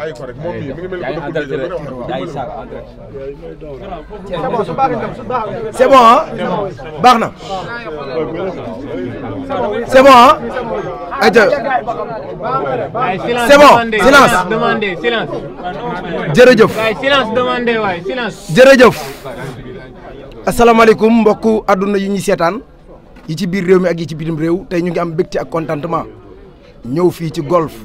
bàyyi ah baax na c'est bon ah aja c'est bon silence demandé silence jërëjëf silence demandé waay silence àdduna yi ñuy seetaan yi ci biir réew mi ak yi ci bitim réew tey ñu ngi am mbégte ak contentement ñëw fii ci golf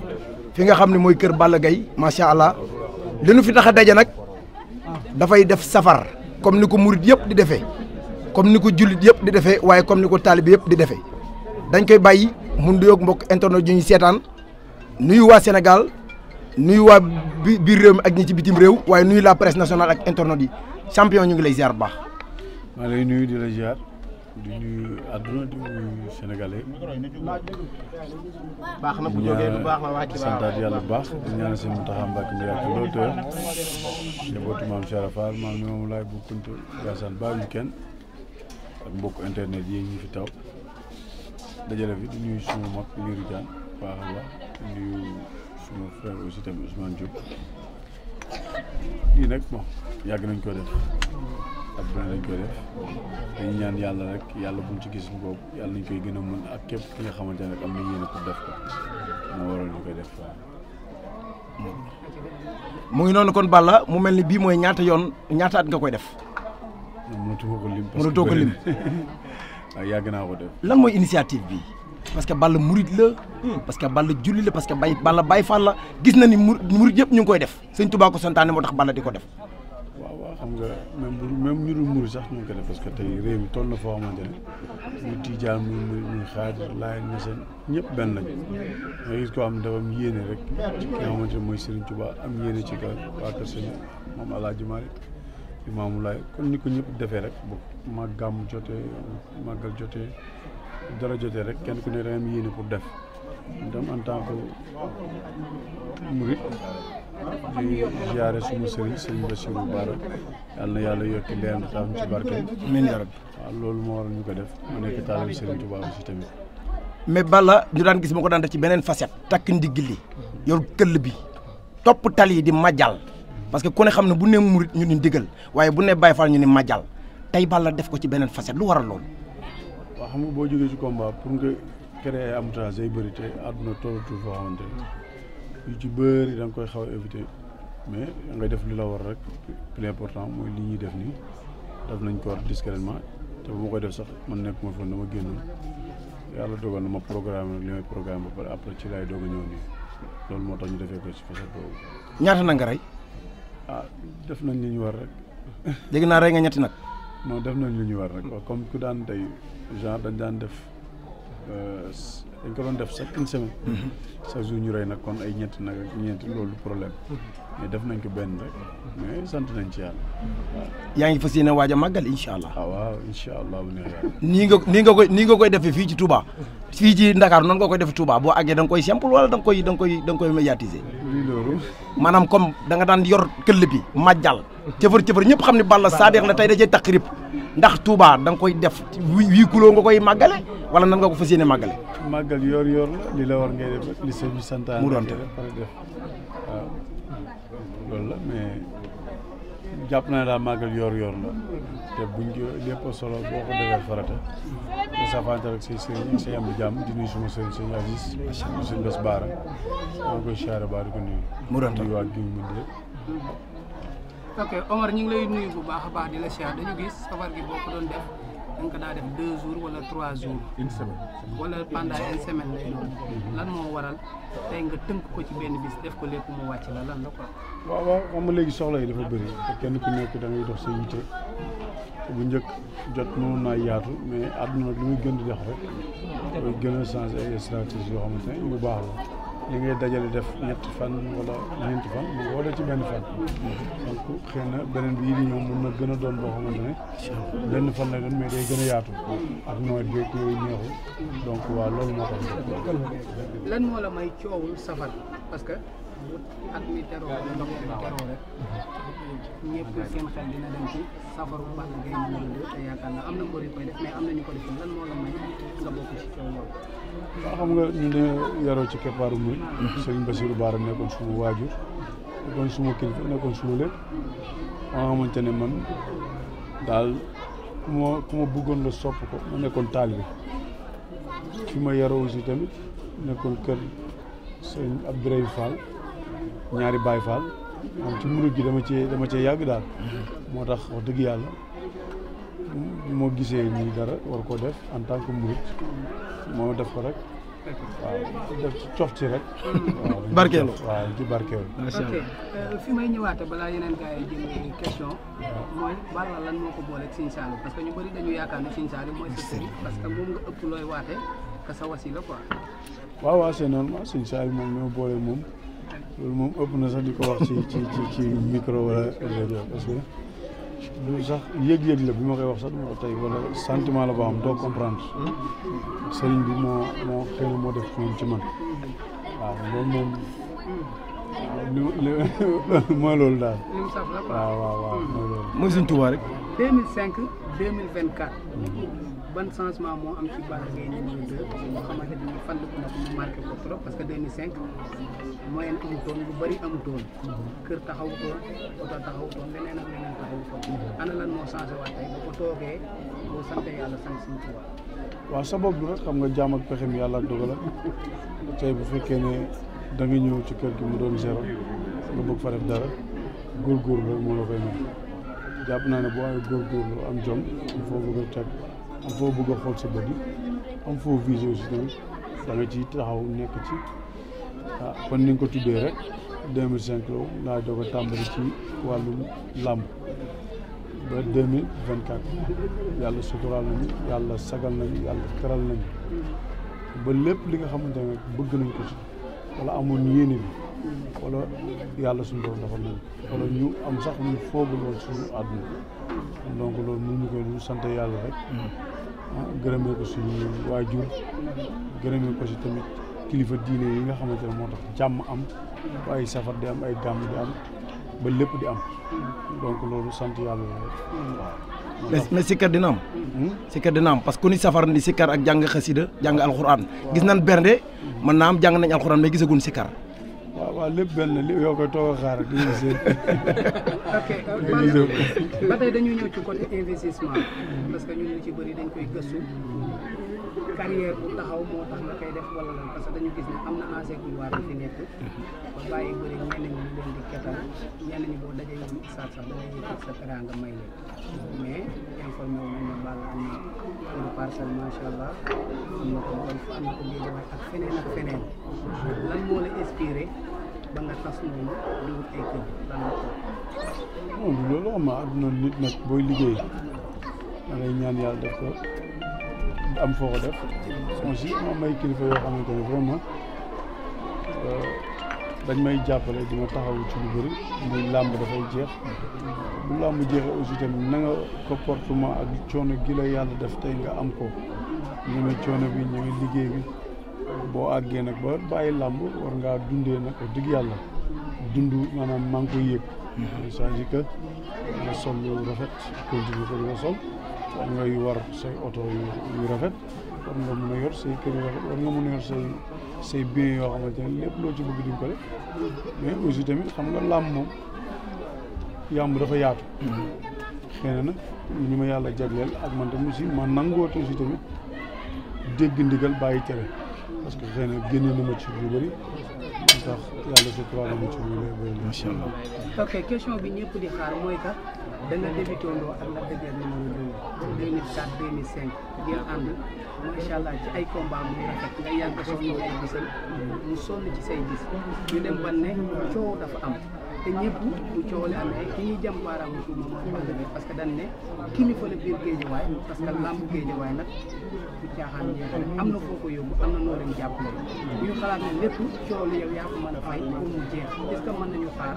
fi nga xam ne mooy kër Balla gay macha allah li fi tax daje nag dafay def safar comme ni ko murit yëpp di defee comme ni ko jullit yëpp di defee waaye comme ni ko taalibe yëpp di defee dañ koy bàyyi mun di yokk mbokk internet yu ñu seetaan nuyu waa Sénégal nuyu waa biir réew mi ak ñi ci bitim réew waaye nuyu la presse national ak internet yi champion ñu ngi lay ziar bu baax. maa lay nuyu di la di nuyu àdduna di nuyu sénégalais. baax na bu jógee lu baax la wàcc baax santaat yàlla bu baax di ñaanal seen Mountakha Mbacké mu yàgg lool te njabootu maam Cheikh Rafal maam moom laay bu Kunta Gassane bàyyiwuñu kenn ak mbokk internet yi ñu fi taw dajale fi di nuyu suma mag Lirou Diane baax a baax di nuyu suma frère aussi tamit Ousmane Diop lii nag bon yàgg nañ ko def. ak bu ñaan yàlla rek yàlla buñ ci gis boobu yàlla nañ koy gën a ak képp ki nga xamante ne am na yéene pour def ko mu ngi noonu kon Balla mu mel ni bii mooy ñaata yoon ñaata at nga koy def. mënatu ko lim mënatoo ko lim. waaw yàgg naa ko def. lan mooy initiative bi parce que Balla murit la. Hmm. parce que Balla julli la parce que bay Balla Baay Faal la gis na ni murit yëpp ñu ngi koy def Sëñ Tuubaa ko santaane moo tax Balla di ko def. xam nga même bu même ñu dul murid sax ñu ngi ko def parce que tey réew mi toll na foo xamante ne muy tijaan muy muy muy xaadir laay na seen ñëpp benn lañ nga gis ko am dafa am yéene rek ci am yéene ci ka waa kër sëñ moom Alaaji Maalik Imaamu Laay kon ni ko ñëpp defee rek bu ma gàmm jotee màggal jotee dara jotee rek kenn ku ne da am pour def dem en tant que di ziare suma sëriñ sëriñ Bassirou Bara yàlla na yàlla yokki leeram di taam ci barkeem amiin yaa rabbi waaw loolu moo waral ñu ko def mu nekk taalib sëriñ Touba aussi tamit mais bala ñu daan gis ma ko daan def ci beneen facette takk ndigg li yor këll bi topp tali yi di majal parce que ku xam ne bu ne murit ñu ni ndigal waaye bu ne Baye Fall ñu ni majal tey bala def ko ci beneen facette lu waral loolu waaw xam nga boo jógee si combat pour nga créer amutage day bëri te àdduna li ci bëri da nga koy xaw a éviter mais nga def lu la war rek plus important mooy lii ñuy def nii def nañ ko war discrètement te bu ma koy def sax man nekk ma fan dama génn yàlla dogal na ma programme nag li may programme ba pare après ci laay doog a ñëw nii loolu moo tax ñu defee ko ci façon boobu. ñaata na nga rey. Ah, def nañ li ñu war rek. dégg naa rey nga ñetti nag. non def nañ li ñu war rek comme ku daan tey genre dañ daan def. Euh, dañ ko doon def chaque une semaine. chaque jour ñu rey nag kon ay ñetti nag ak ñeenti loolu problème. mais def nañ ko benn rek. mais sant nañ ci yàlla. waaw yaa ngi fas yéene waaj a màggal incha allah. ah waaw allah nii nga nii nga koy nii nga koy defee fii ci Touba. fii ci Dakar noonu nga koy def Touba boo àggee danga koy simple wala da nga koy danga koy danga nga koy médiatiser. lii maanaam comme da nga daan yor këll bi. majjal cëfër cëfër ñëpp xam ne Balla Sadex la tey da cee taqrib ndax Touba da koy def huit kilos nga koy màggale wala nan nga ko fas yéene màggale. màggal yoor yoor la la war ngay li sëñ bi mu doon def waaw loolu la mais jàpp naa daal màggal yoor yoor la te buñ ko solo boo ko defee farata nga safante rek say sëriñ say am di jàmm suma sëriñ sëñ Aziz. macha allah koy siyaare baa di mu doon def nuyu waa Guy ok Omar ñu ngi lay nuyu bu baax a baax di la siyaar dañu gis safar gi boo ko doon def da nga ko daa def deux jours wala trois jours. une semaine wala pendant une semaine lay doon lan moo waral tey nga tënk ko ci benn bis def ko lépp mu wàcc la lan la quoi. waaw waaw xam nga léegi soxla yi dafa bëri kenn ku nekk da ngay dox sa yitte bu njëkk jot mënoon naa yaatu mais àdduna nag li muy gën di dox rek. dëgg la gën a changé ay stratégies yoo xamante ne bu baax la. li ngay dajale def ñetti fan wala ñeenti fan mu boole ci benn fan. donc xëy na beneen bi yii di ñëw mën na gën a doon boo xamante ne. benn fan la doon mais day gën a yaatu. ak nawet bi yooyu neexu donc waaw loolu moo tax. lan moo la may coowul safar parce que. ak nga bokk ci coow yow. waaw xam nga ñu ne yaroo ci keppaaru muy Serigne Bassirou Bara nekkoon suma waajur nekkoon suma kilifa nekkoon suma lépp ba nga xamante ne man daal ku ma ku ma bëggoon la sopp ko ma nekkoon taalibe fi ma yaroo aussi tamit nekkoon kër Serigne Abdoulaye Fall. ñaari Baye Fall moom ci murid gi dama cee dama cee yàgg daal moo tax wax dëgg yàlla moo gisee nii dara war koo def en tant que murid moo def ko rek waaw def ci cof ci rek barkeelu waaw ci barkeelu macha allah euh, fi may ñëwaate balaa yeneen gars yi jël question mooy Balla lan moo ko booleeg siñ Saliou parce que ñu bëri dañu yaakaar ne Sëñ Saliou parce que moom nga ëpp looy ñoo boole moom loolu moom ëpp na sax di ko wax ci ci ci ci micro wala rajo parce que lu sax yëg-yëg la bi ma koy wax sax duma ko tey wala sentiment la boo xam doo comprendre sëriñ bi moo moo xëy moo def moom ci man waaw loolu moom mooy loolu daal waaw waaw waaw mooy loolu mooy Sëriñ Tuubaa rek ban changement moo am ci Balla Gaye numéro 2 boo que 2005 moyen lu bëri amutoon kër taxawutoon oto taxawutoon leneen moo xam nga jaam ak pexem yàlla ak bu fekkee ne ñëw ci kër gi mu doon nga bëgg fa def dara jàpp naa ne boo amee góorgóorlu am jom il faut nga teg. am foo bëgg a xool sa bët yi am foo visé aussi ci taxaw nekk ci ah kon ni ko tuddee rek 2005 la laa doog a tàmbali ci wàllu làmb ba 2024 yàlla suturaal nañu yàlla sagal nañu yàlla teral nañu ba lépp li nga xamante ne bëgg nañ ko ci wala amoon yéene bi wala yàlla suñu doon dafa mel wala ñu am sax ñu foogaloon suñu àdduna donc loolu mënuñu koy sant yàlla rek. Mm. Ah, gërëmee ko suñu waajur gërëmee ko si tamit kilifa diine yi nga xamante ne moo tax jàmm am ay safar di am ay gàmm di am ba lépp di am donc loolu sant yàlla la mais di dina am hmm? sikkar dina am parce que ku ni safar ni sikkar ak jàng xasida jàng alxuraan gis nañ bernde mën naa am jàng nañ alxuraan mais gisaguñ sikkar waaw lépp benn li yow koy toog xaar di ñu seen. Euh, ba tey dañuy ñëw ci côté investissement parce que ñun lu ci bëri dañ koy gëstu carrière bu taxaw moo tax nga koy def wala lan parce que dañu gis ne am na insécurité bi fi nekk ba bàyyi bëri ñeneen ñi leen di ketal ñeneen ñi boo dajee ñoom sax sax may leen mais informé wu ñu am na une parcelle allah feneen ak feneen lan moo la inspiré. la ko. loolu xam naa àdduna nit nag booy liggéey da ñaan yàlla def ko am foo ko def aussi ma may kilifa yoo xamante ne vraiment euh, dañ may jàppale di ma taxawu ci lu bëri muy làmb dafay jeex bu làmb jeexee aussi tamit na nga comportement ak coono gi la yàlla def tey nga am ko ñeme coono bi ñeme liggéey bi. boo àggee nag ba bàyyi làmb war ngaa dundee nag wax dëgg yàlla dund maanaam maa ngi koy yëg c'est-à-dire mhm. que nga sol lu rafet continue ko di nga sol war ngay war say oto yu rafet war nga mën a yor say kër yu rafet yoo xamante ne lépp loo ci bëgg di nga ko mais aussi tamit xam nga làmb moom yàmb dafa yaatu mhm. xëy nag ñu ma yàlla jagleel ak man tam aussi ma nangoote aussi tamit dégg ndigal bàyyi tere parce que xëy na génne na ma ci lu bëri ndax yàlla suturaal na ci lu bëri. macha allah ok question bi ñëpp di xaar mooy que da nga débuté woon ak la dëgër numéro deux 2004 2005 ngeen allah ci ay combat mu rafet nga yàgg sonn ci ay sonn ci say gis ñu dem ba ne coow dafa am. te ñëpp coow li amee ki ñuy jam baaraamu tuuma mooy Balla Gaye parce que dañ ne kilifa la biir géejawaay parce que làmb géejawaay nag bu caaxaan jeexale am na foo ko yóbbu am na noo leen jàppale xalaat ne lépp coow li yow yaa ko mën a fay pour mu jeex est mën nañu xaar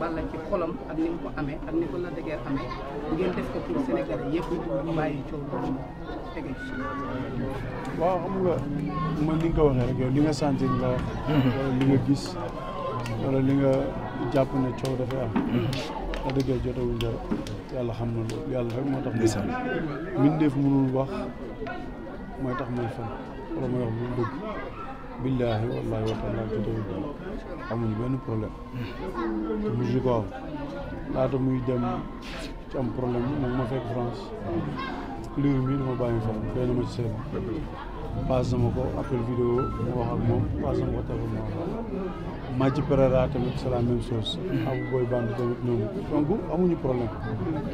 Balla ci xolam ak ni mu ko amee ak ni ko la dëgër amee ngeen def ko pour Sénégal yëpp bàyyi coow loolu tege ci waaw xam nga man ni nga waxee rek yow li nga sentir nga li nga gis wala li nga jàpp ne coow dafay am mm-hmm. wax dëgg jotewuñ dara yàlla xam na loolu yàlla rek moo tax ndeysaan mbindeef mënul wax mooy tax muy fen wala mooy wax lu dëgg billaahi wallaahi wa taala jotewuñ dara amuñu benn problème mm-hmm. mujj am laata muy dem ci am problème moom ma fekk France liir mi dama bàyyi fa doy ma ci seet passe na ko appel vidéo ma wax ak moom passe na ma ma maa ci Pereira tamit c'est la même chose abu booy band tamit noonu donc amuñu problème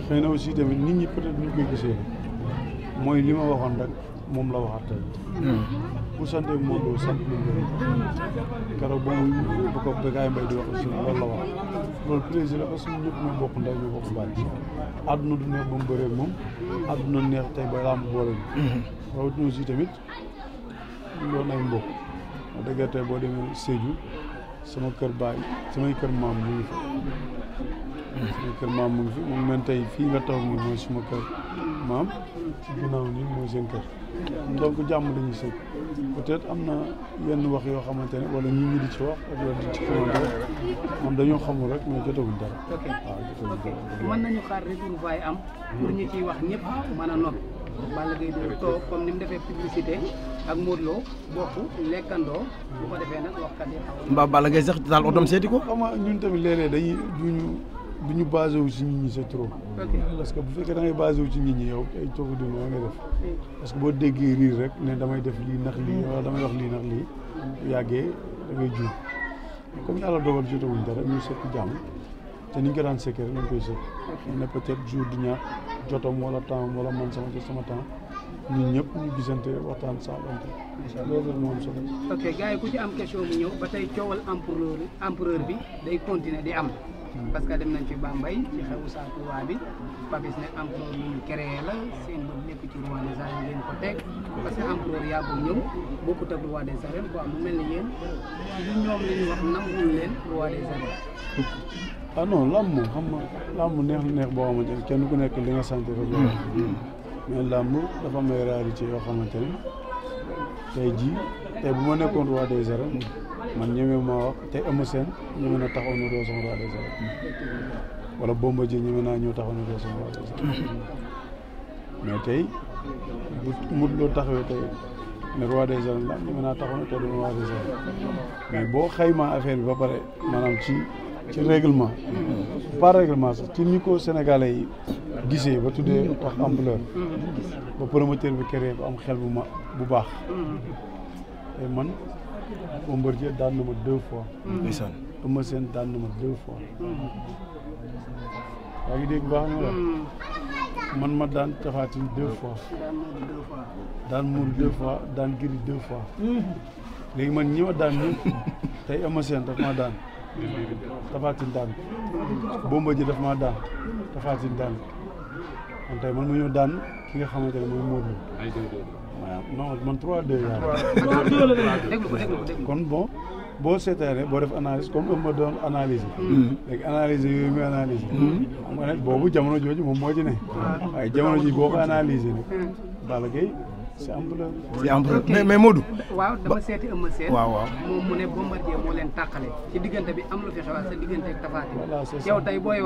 xëy na aussi tamit nit ñi peut-être ñu koy gisee mooy li ma waxoon moom la waxaat tey hmm. sant nañ ko keroog ba mu ba ko Bécaye di wax aussi loolu la wax loolu plaisir la parce que ñëpp ñoo bokk ndey ñoo bokk bàyyi àdduna du neex ba mu bëree moom àdduna neex tey ba làmb boole ñu mhm. rawatina si tamit loolu ay mbokk ma dëgg tey boo demee Sédhiou sama kër baay sumay kër maam mu ngi fi sama kër maam mu ngi fi moom man tey fii nga taw nii suma kër maam ci ginnaaw nii mooy seen kër donc jàmm lañuy sëg peut-être am na yenn wax yoo xamante ne wala ñu ngi di ci wax ak di ci commentaire moom dañoo xamul rek mais jotaguñ dara waaw ah, jotaguñ dara mën nañu xaar retour am pour ñu ciy wax ñëpp mën a noppi Balla Gaye di toog comme ni mu defee publicité ak Modou Lo bokk lekkandoo defee nag waxkat yi mbaa Balla Gaye sax daal otom seeti ko xam ñun tamit léeg-léeg duñu du ñu basé wu si nit ñi c'est trop parce que bu fekkee da ngay basé wu si nit ñi yow ay cooki dund wa def parce que boo déggee riir rek ne damay def lii nax lii wala damay wax lii nax lii yàggee dangay ngay juum comme yàlla dogal jotewuñ dara ñu seet jàmm te ni ñu ko daan sécuré nañ koy sécuré ñu ne jour du ñaar jotom wala temps wala man sama jot sama temps ñun ñëpp ñu gisante waxtaan saa bante loolu moo am solo ok gars yi ku ci am question bu ñëw ba tey coowal empereur bi day continuer di am hmm. parce que dem nañ ci Bambey ci xewu Saakuwaa bi Papis ne empereur bu ñu créé la seen bët lépp ci rois yi ngeen ko teg parce que empereur yàggul ñëw bokkut ak mu ah xam nga làmb neex na neex boo xamante ne kenn ku nekk li nga sant làmb dafa yoo xamante ne tey jii tey bu ma nekkoon roi de arènes man ñeme ma wax tey Eumeu Sène ñeme na taxaw na doo sama roi des arènes wala Bombardier ñeme naa ñëw tax na doo roi des arènes mais tey. bu mut loo taxawee tey ne roi des arènes la ñu naa a taxaw ne tey doon roi des arènes mais boo xaymaa affaire bi ba pare maanaam ci ci règlement par règlement sax ci ni ko sénégalais yi gisee ba tuddee wax ampleur ba promoteur bi créé ba am xel bu ma bu baax tey man Bombardier daan na ma deux fois ndeysaan Eumeu Sène daan na ma deux fois yaa ngi dégg baax na la man ma daan tafaatin deux fois daan muur deux fois daan giri deux fois léegi man ñi ma daan ñëpp tey Eumeu Sène daf ma daan tafaatin daan Bombardier daf maa daan tafaatin daan kon tey man ma ñëw daan ki nga xamante ne mooy Modou Lô waaw man trois deux yaa kon bon boo seetaanee boo def analyse comme ëmb doon analyse hmm. léegi analyse yooyu hmm. boobu jamono jooju moom moo ci ne hmm. waaye jamono ji boo ko analyser nag Balla Gaye c'est ampleur c'est ampleur mais mais Modou waaw dama seeti ëmb seen waaw waaw moom mu ne Bombardier ci diggante bi am lu fi xewaat sa diggante ak tafaati yow tey booy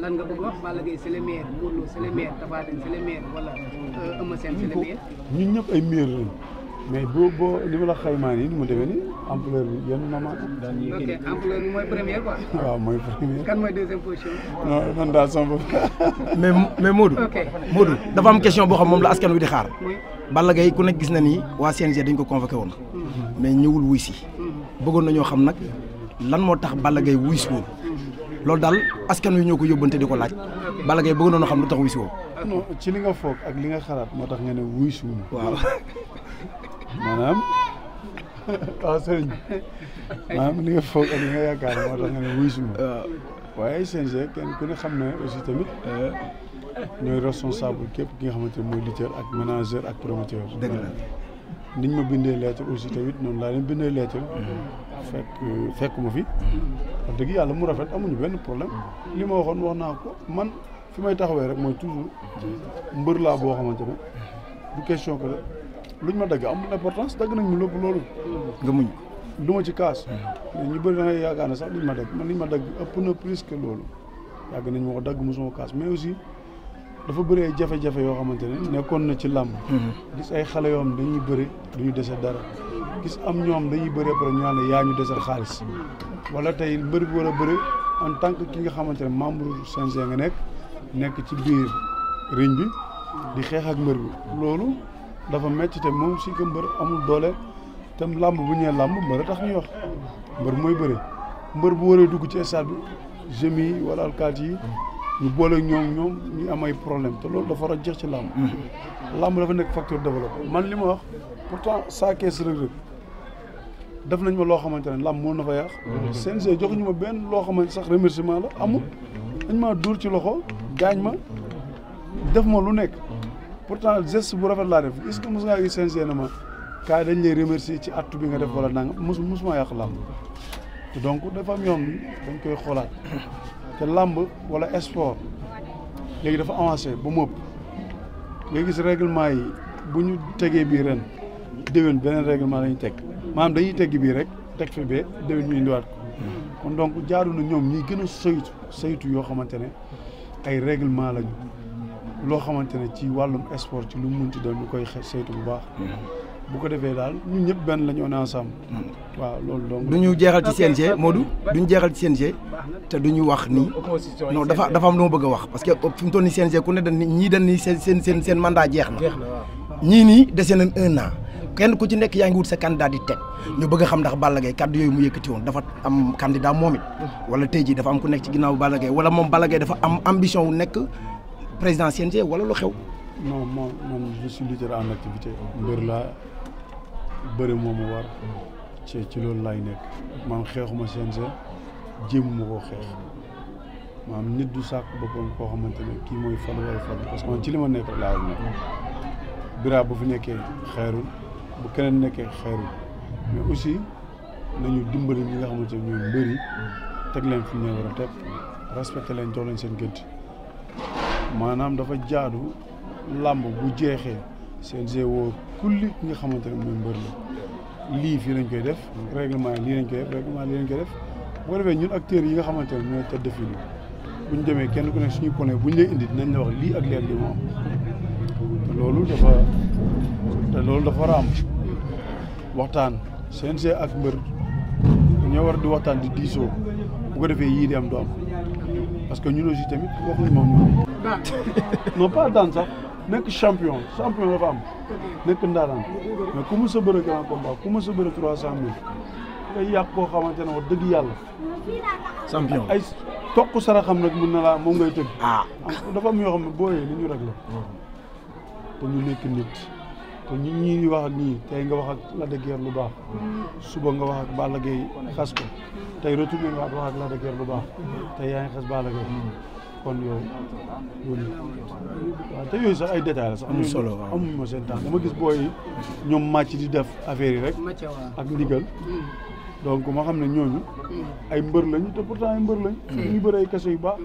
lan nga bëgg wax Balla Gaye c'est le maire seen c'est le maire ñun ñëpp ay maire lañ mais boo boo li ma la xaymaa nii ni mu demee nii ampleur bi yenn moment. ok ampleur daal sama bopp. mais mais Modou. Modou dafa am question boo xam moom la askan wi di xaar. Balla Gaye ku nekk gis na ni waa CNG dañ ko convoqué woon. Mhm. mais ñëwul wuy si. Mhm. bëggoon ñoo xam nag lan moo tax Balla Gaye wuy si woon mhm. loolu daal askan wi ñoo ko yóbbante di ko laaj Balla Gaye bëggoon nañoo xam lu tax wuy si woon. non ci li nga foog ak li nga xalaat moo tax nga ne wuy si woon. maanaam waaw sëriñ maanaam li nga foog ak li yaakaar moo tax nga ne wuy suma waaye CNG kenn ku ne xam ne aussi tamit euh. ñooy responsable képp ki nga xamante ne mooy lutteur ak manager ak promoteur dëgg la niñ ma bindee lettre aussi tamit noonu laa leen bindee lettre fekk fekkuma fi wax dëgg yàlla mu rafet amuñu benn problème li ma waxoon wax naa ko man fi may taxawee rek mooy toujours mbër laa boo xamante ne bu question que lu ñu ma dagg amul importance dagg nañ mu lépp loolu nga muñ ko du ma ci kaas ñu bëri dangay yaakaar ne sax liñ ma dagg man liñ ma dagg ëpp na plus loolu yàgg nañu ma ko dagg mosuma kaas mais aussi dafa bëri ay jafe-jafe yoo xamante ne nekkoon na ci làmb mhm. gis ay xale yoo xam dañuy bëri ñu desee dara gis am ñoom dañuy bëree pare ñu naan yaa ñu desal xaalis wala tey bëri bi war a bëri en tant que ki nga xamante ne membre CNG nga nekk nekk ci biir riñ bi di xeex ak mbër loolu dafa métti te moom si ko mbër amul doole te làmb bu ñee làmb mbër tax ñuy wax mbër mooy bëre mbër bu waree dugg ci stade bi jeunes yi wala alkaati yi ñu boole ñoom ñoom ñu am ay problème te loolu dafa war a jeex ci làmb làmb dafa nekk facteur développement man li ma wax pourtant saa kees Reug Reug def nañ ma loo xamante ne làmb na fa yàq joxuñu ma benn loo xamante sax remerciement la amul dañ maa dóor ci loxo gaañ ma def ma lu nekk pour pourtant geste bu rafet laa def est ce que mos ngaa gis sincèrement ma kaay dañ lay remercier ci attu bi nga def wala nangam mos mosuma yàq làmb te donc dafa am yoon dañ koy xoolaat te làmb wala sport léegi dafa avancé ba mu ëpp nga gis règlement yi bu ñu tegee bii ren déwén beneen règlement lañu teg maanaam dañuy tegg bii rek teg fi bee déwén ñu indiwaat ko kon donc jaaru na ñoom ñuy gën a saytu saytu yoo xamante ne ay règlement lañu loo xamante ne ci wàllum sport ci lu mu munti doon ñu koy saytu bu baax. bu ko defee daal ñu ñëpp benn la ñu on ensemble. Mm. loolu donc. du ñu jeexal ci CNG moo du duñu jeexal ci CNG te du ñu wax nii non dafa dafa am lu ma bëgg a wax parce que fi mu toll nii CNG ku ne dañ ñii dañ ni seen seen seen seen mandat jeex na. ñii nii dese nañ un an. kenn ku ci nekk yaa ngi wut sa candidat di teg ñu bëgg a xam ndax Balla Gaye kàddu yooyu mu yëkkati woon dafa am candidat moom mm. wala tey jii dafa am ku nekk ci ginnaaw Balla wala moom Balla dafa am ambition wu nekk président CNG wala lu xew. non moom moom je suis lutteur activité. mbir laa bëri moo ma war. ci ci loolu laay nekk. man xeexuma CNG jéemuma koo xeex. maanaam nit du sàkk boppam koo xamante ne kii mooy fal wala fal parce que man ci li ma nekk laa nekk. Bira bu fi nekkee xeerul bu keneen nekkee xeerul mais aussi nañu dimbali ñi nga xamante ne ñooy mbëri teg leen fi ñu war a teg respecté leen jox leen seen gëdd. maanaam dafa jaadu làmb bu jeexee CNG woo kulli ki nga xamante ne mooy mbër la lii fii lañ koy def règlement lii lañ koy def règlement lii lañ def bu ko defee ñun acteurs yi nga xamante ne ñooy tëdd fii bu ñu demee kenn ku nekk suñu poney bu ñu lay indi dinañ la wax lii ak leer li moo te loolu dafa te loolu dafa war a am waxtaan CNG ak mbër ñoo war di waxtaan di diisoo bu ko defee yii di du am parce que ñun aussi tamit waxuñu moom daan non pas daan sax nekk champion champion dafa am nekk ndaaraan mais ku mës a bëre grand combat ku mës a bëre trois cent mille ngay yàq koo xamante ne wax dëgg yàlla champion ay toq saraxam nag mën na laa moom ngay tëgg ah dafa am yoo xam ne booyee li ñu rek la te ñu nekk nit te ñi ñi wax ak nii tey nga wax la Lac de Guiers lu baax suba nga wax ak Balla Gaye xas ko tey retourné nga wax ak Lac de lu baax tey yaa ngi xas Balla Gaye kon yooyu yooyu waaw te yooyu sax ay détails la sax. amul solo amuñu ma seen temps dama gis booy ñoom màcc di def affaire yi rek. ak ndigal. donc ma xam ne ñooñu. ay mbër lañu te pourtant ay mbër lañ. Hmm. ñu bëri ay kese yu baax.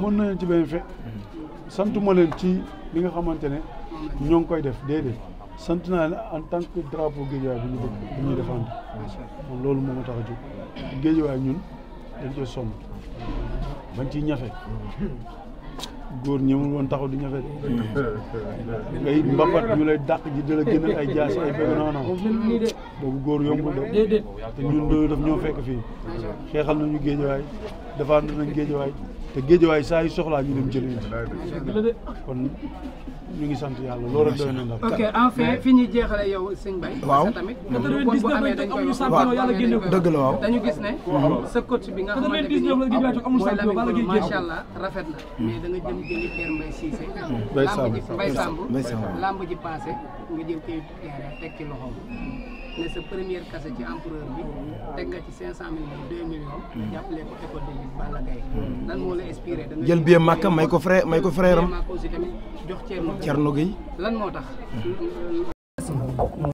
mën nañu ci benn fe. santuma leen ci li nga xamante ne ñoo ngi koy def déedéet. sant naa leen en tant que drapeau géejewaay bi ñu def bi ñuy défendre. loolu moo ma tax a jóg géejewaay ñun dañ cee sonn. bañ ciy ñafe góor mu woon taxaw du ñafe ngay mbapat ñu lay dàq ji di la génnal ay jaas ay bëgg non boobu góor yombul de te ñun doyu daf ñoo fekk fii xeexal nañu géejawaay defaan nañ géejawaay te géejawaay saa yu soxlaa ñu dem jëli kon ñu ngi sant yàlla loolu en fait fi ñuy jeexale yow sëñ Baye. waaw tamit kon bu amee dañ koy wax waaw mhm. sa coach bi nga xamante ni mooy Lamine Golo macha allah rafet na. mais da nga jëli Père Mbaye Cissé. Mhm. Mbaye Samb Mbaye ji paase nga jël kii teg ci loxoom. ne sa première kase ci empereur bi teg nga ci 500000 2 millions. Hmm. de lutte hmm. jël billet Makka may ko frère may ko frère am. jox Thierno Gueye Thierno Gueye lan moo tax. Hmm.